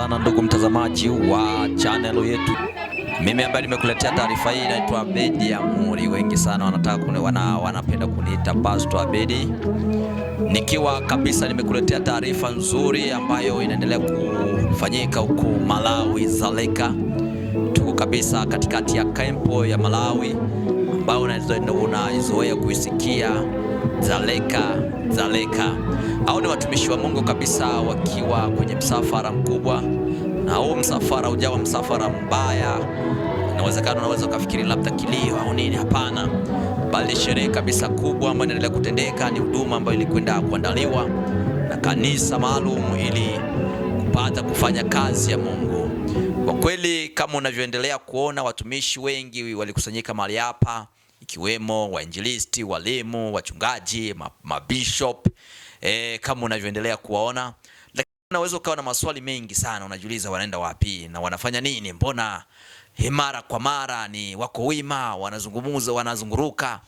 sana ndugu mtazamaji wa channel yetu. Mimi ambaye nimekuletea taarifa hii naitwa Abedi Amuri. Wengi sana wanataka kune, wana, wanapenda kuniita Pastor Abedi, nikiwa kabisa nimekuletea taarifa nzuri ambayo inaendelea kufanyika huko Malawi Zaleka. Tuko kabisa katikati ya kampo ya Malawi ambayo unaizoea kuisikia Zaleka Dzaleka. Hao ni watumishi wa Mungu kabisa wakiwa kwenye msafara mkubwa, na huu msafara ujawa msafara mbaya. Inawezekana unaweza ukafikiri labda kilio au nini, hapana, bali sherehe kabisa kubwa ambayo inaendelea kutendeka. Ni huduma ambayo ilikwenda kuandaliwa na kanisa maalum ili kupata kufanya kazi ya Mungu. Kwa kweli, kama unavyoendelea kuona, watumishi wengi walikusanyika mahali hapa ikiwemo wainjilisti, walimu, wachungaji, mabishop ma eh, e, kama unavyoendelea kuwaona. Lakini unaweza ukawa na maswali mengi sana, unajiuliza wanaenda wapi na wanafanya nini? Mbona mara kwa mara ni wako wima, wanazungumza, wanazunguruka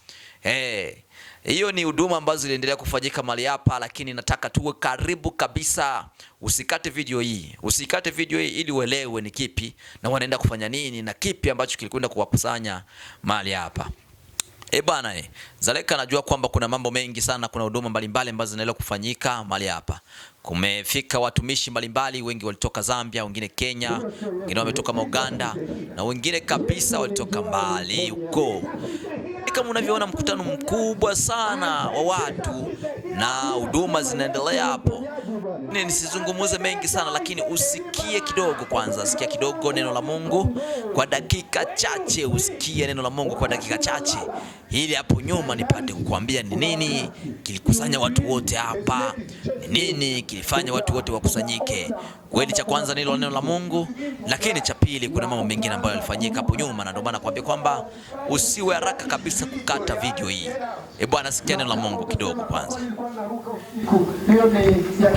eh hiyo ni huduma ambazo ziliendelea kufanyika mali hapa, lakini nataka tuwe karibu kabisa. Usikate video hii, usikate video hii ili uelewe ni kipi na wanaenda kufanya nini na kipi ambacho kilikwenda kuwakusanya mali hapa. E bwana eh, Zaleka anajua kwamba kuna mambo mengi sana, kuna huduma mbalimbali ambazo zinaendelea kufanyika mahali hapa. Kumefika watumishi mbalimbali, wengi walitoka Zambia, wengine Kenya, wengine wametoka Uganda na wengine kabisa walitoka mbali huko. E, kama unavyoona mkutano mkubwa sana wa watu na huduma zinaendelea hapo ni nisizungumuze mengi sana, lakini usikie kidogo kwanza. Sikia kidogo neno la Mungu kwa dakika chache, usikie neno la Mungu kwa dakika chache, ili hapo nyuma nipate kukuambia ni nini kilikusanya watu wote hapa, ni nini kilifanya watu wote wakusanyike. Kweli cha kwanza nilo neno la Mungu, lakini cha pili kuna mambo mengine ambayo yalifanyika hapo nyuma, na ndio maana nakwambia kwamba usiwe haraka kabisa kukata video hii. E Bwana, sikia neno la Mungu kidogo kwanza.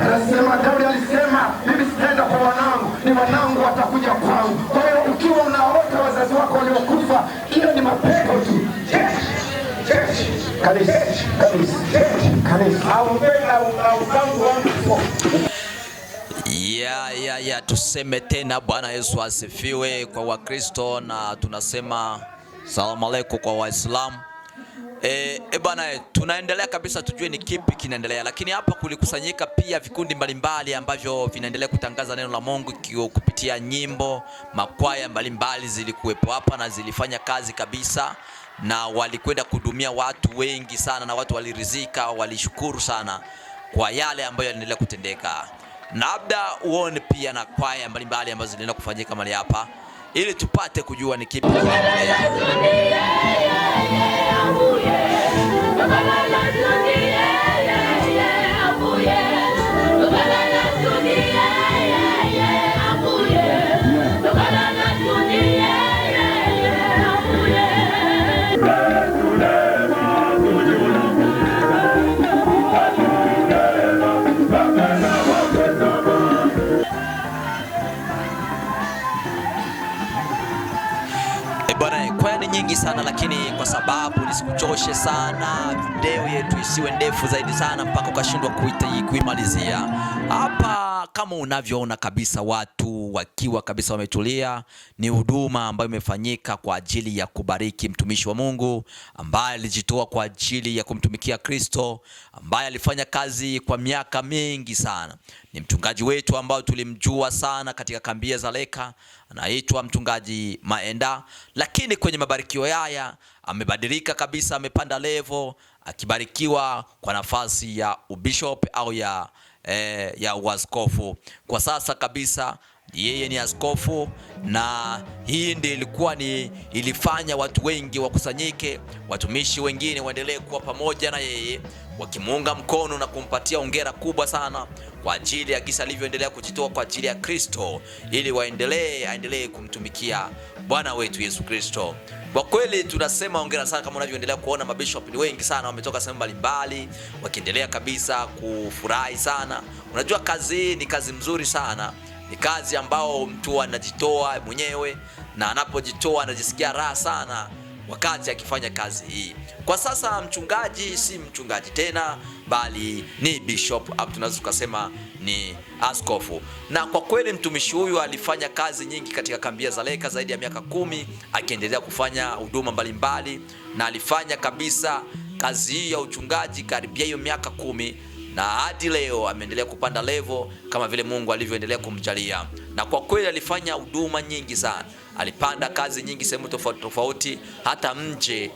Anasema Daudi alisema, mimi sitaenda kwa wanangu, ni wanangu watakuja kwangu. Kwa hiyo ukiwa unaota wazazi wako waliokufa, hiyo ni mapepo tu. Ya, ya, ya, tuseme tena. Bwana Yesu asifiwe kwa Wakristo, na tunasema salamu aleikum kwa Waislamu. E, eh, e eh, bana, eh, tunaendelea kabisa, tujue ni kipi kinaendelea, lakini hapa kulikusanyika pia vikundi mbalimbali ambavyo vinaendelea kutangaza neno la Mungu kupitia nyimbo. Makwaya mbalimbali zilikuwepo hapa na zilifanya kazi kabisa, na walikwenda kudumia watu wengi sana, na watu walirizika, walishukuru sana kwa yale ambayo yanaendelea kutendeka. Labda uone pia na kwaya mbalimbali ambazo zinaenda kufanyika mahali hapa, ili tupate kujua ni kipi kinaendelea. isikuchoshe sana, video yetu isiwe ndefu zaidi sana mpaka ukashindwa kuimalizia. Hapa kama unavyoona kabisa, watu wakiwa kabisa wametulia. Ni huduma ambayo imefanyika kwa ajili ya kubariki mtumishi wa Mungu ambaye alijitoa kwa ajili ya kumtumikia Kristo ambaye alifanya kazi kwa miaka mingi sana. Ni mchungaji wetu ambao tulimjua sana katika kambia za Leka, anaitwa mchungaji Maenda, lakini kwenye mabarikio haya amebadilika kabisa, amepanda levo, akibarikiwa kwa nafasi ya ubishop au ya, eh, ya uaskofu kwa sasa kabisa yeye ni askofu, na hii ndi ilikuwa ni ilifanya watu wengi wakusanyike, watumishi wengine waendelee kuwa pamoja na yeye wakimuunga mkono na kumpatia hongera kubwa sana kwa ajili ya kisa alivyoendelea kujitoa kwa ajili ya Kristo, ili waendelee aendelee kumtumikia Bwana wetu Yesu Kristo. Kwa kweli tunasema hongera sana, kama unavyoendelea kuona mabishop ni wengi sana, wametoka sehemu mbalimbali, wakiendelea kabisa kufurahi sana. Unajua kazi ni kazi mzuri sana ni kazi ambao mtu anajitoa mwenyewe, na anapojitoa anajisikia raha sana wakati akifanya kazi hii. Kwa sasa mchungaji si mchungaji tena, bali ni bishop tunaweza tukasema ni askofu. Na kwa kweli mtumishi huyu alifanya kazi nyingi katika kambi ya Zaleka zaidi ya miaka kumi, akiendelea kufanya huduma mbalimbali, na alifanya kabisa kazi hii ya uchungaji karibia hiyo miaka kumi na hadi leo ameendelea kupanda levo kama vile Mungu alivyoendelea kumjalia, na kwa kweli alifanya huduma nyingi sana, alipanda kazi nyingi sehemu tofauti tofauti, hata nje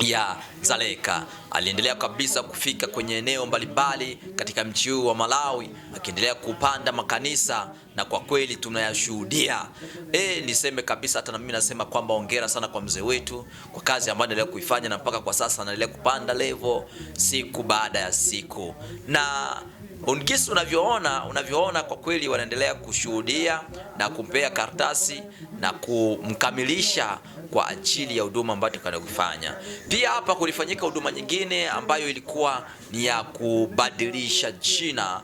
ya zaleka Aliendelea kabisa kufika kwenye eneo mbalimbali katika mji huu wa Malawi, akiendelea kupanda makanisa na kwa kweli tunayashuhudia. E, niseme kabisa hata na mimi nasema kwamba ongera sana kwa mzee wetu kwa kazi ambayo anaendelea kuifanya na mpaka kwa sasa anaendelea kupanda level siku baada ya siku na UNGISU unavyoona unavyoona kwa kweli wanaendelea kushuhudia na kumpea karatasi na kumkamilisha kwa ajili ya huduma ambayo tunakwenda kufanya. Pia hapa kulifanyika huduma nyingine ambayo ilikuwa ni ya kubadilisha jina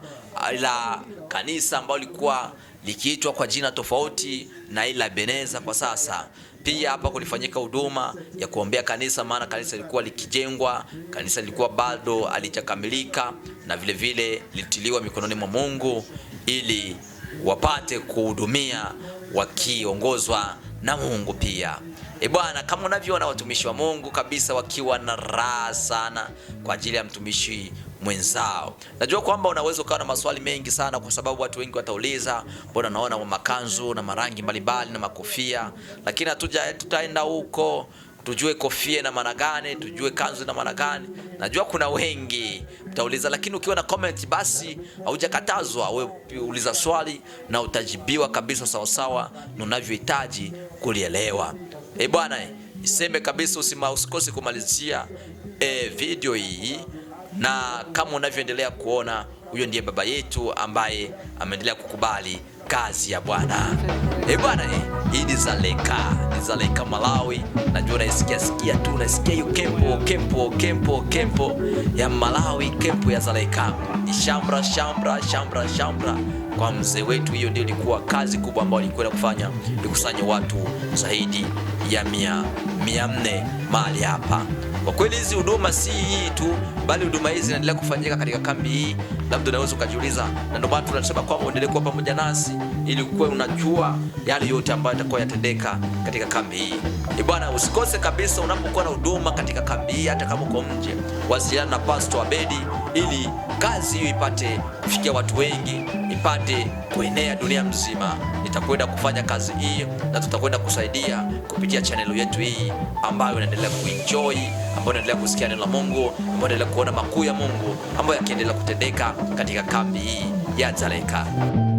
la kanisa ambalo lilikuwa likiitwa kwa jina tofauti na ila Beneza kwa sasa. Pia hapa kulifanyika huduma ya kuombea kanisa, maana kanisa lilikuwa likijengwa, kanisa lilikuwa bado alijakamilika, na vile vile lilitiliwa mikononi mwa Mungu ili wapate kuhudumia wakiongozwa na Mungu pia. E bwana, kama unavyoona watumishi wa Mungu kabisa wakiwa na raha sana kwa ajili ya mtumishi mwenzao. Najua kwamba unaweza ukawa na maswali mengi sana, kwa sababu watu wengi watauliza, mbona naona makanzu na marangi mbalimbali na makofia, lakini hatuja tutaenda huko tujue kofia na maana gani, tujue kanzu na maana gani. Najua kuna wengi mtauliza, lakini ukiwa na comment basi haujakatazwa. Wewe uliza swali na utajibiwa kabisa sawasawa na unavyohitaji kulielewa. E bwana, iseme kabisa, usima usikose kumalizia e, video hii, na kama unavyoendelea kuona, huyo ndiye baba yetu ambaye ameendelea kukubali kazi ya Bwana. Eh bwana, eh, hii ni Zaleka, ni Zaleka Malawi. Najua unaisikia sikia tu, naisikia hiyo kempo kempo kempo kempo ya Malawi, kempo ya Zaleka. ni shamra shamra shamra shamra kwa mzee wetu. Hiyo ndio ilikuwa kazi kubwa ambayo alikwenda kufanya, nikusanya watu zaidi ya mia mia nne mahali hapa. Kwa kweli hizi huduma si hii tu, bali huduma hizi zinaendelea kufanyika katika kambi hii. Labda unaweza ukajiuliza, na ndio maana tunasema kwamba uendelee kuwa pamoja nasi ili kuwe unajua yale yote ambayo yatakuwa yatendeka katika kambi hii. E bwana, usikose kabisa unapokuwa na huduma katika kambi hii, hata kama uko nje, wasiliana na Pastor Abedi ili kazi hiyo ipate kufikia watu wengi, ipate kuenea dunia mzima nitakwenda kufanya kazi hii na tutakwenda kusaidia kupitia channel yetu hii ambayo inaendelea kuenjoy, ambayo inaendelea kusikia neno la Mungu, ambayo inaendelea kuona makuu ya Mungu ambayo yakiendelea kutendeka katika kambi hii ya Dzaleka.